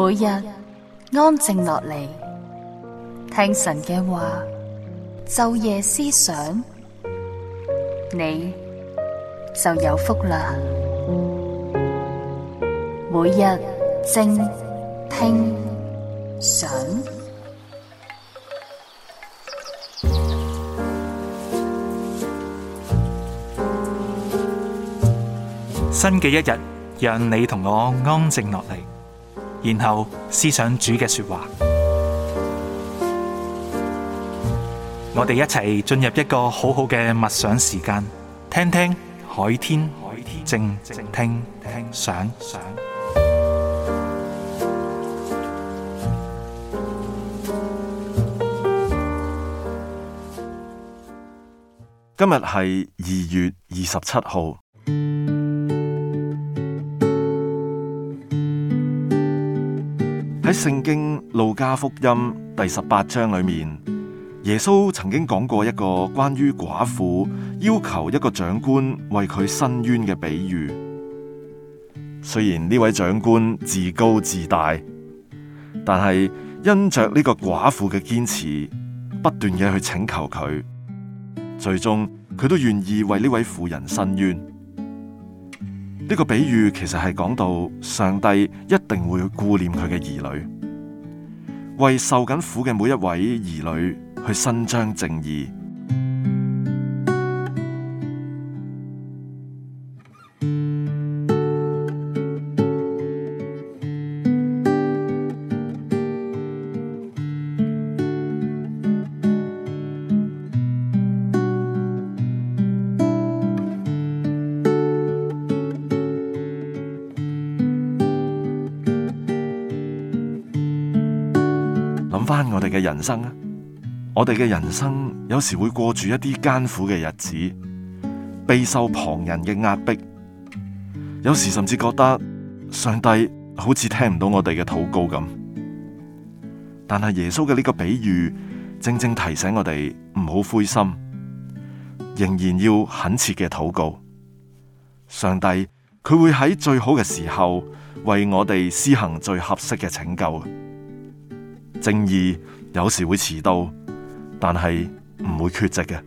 每日安靜落嚟，聽神嘅話，晝夜思想，你就有福啦。每日靜聽想，新嘅一日，讓你同我安靜落嚟。然後思想主嘅說話，嗯、我哋一齊進入一個好好嘅默想時間，聽聽海天海天靜靜聽聽想想。今日係二月二十七號。喺聖經路加福音第十八章裏面，耶穌曾經講過一個關於寡婦要求一個長官為佢申冤嘅比喻。雖然呢位長官自高自大，但係因着呢個寡婦嘅堅持，不斷嘅去請求佢，最終佢都願意為呢位婦人申冤。呢個比喻其實係講到上帝一定會顧念佢嘅兒女，為受緊苦嘅每一位兒女去伸張正義。翻我哋嘅人生啊，我哋嘅人生有時會過住一啲艱苦嘅日子，備受旁人嘅壓迫，有時甚至覺得上帝好似聽唔到我哋嘅禱告咁。但係耶穌嘅呢個比喻，正正提醒我哋唔好灰心，仍然要懇切嘅禱告。上帝，佢會喺最好嘅時候為我哋施行最合適嘅拯救。正義有時會遲到，但係唔會缺席嘅。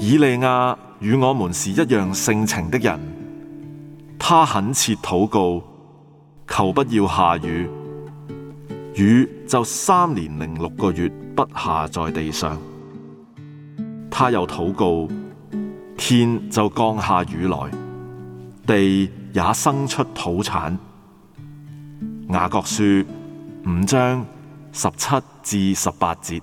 以利亞。與我們是一樣性情的人，他懇切禱告，求不要下雨，雨就三年零六個月不下在地上。他又禱告，天就降下雨來，地也生出土產。雅各書五章十七至十八節。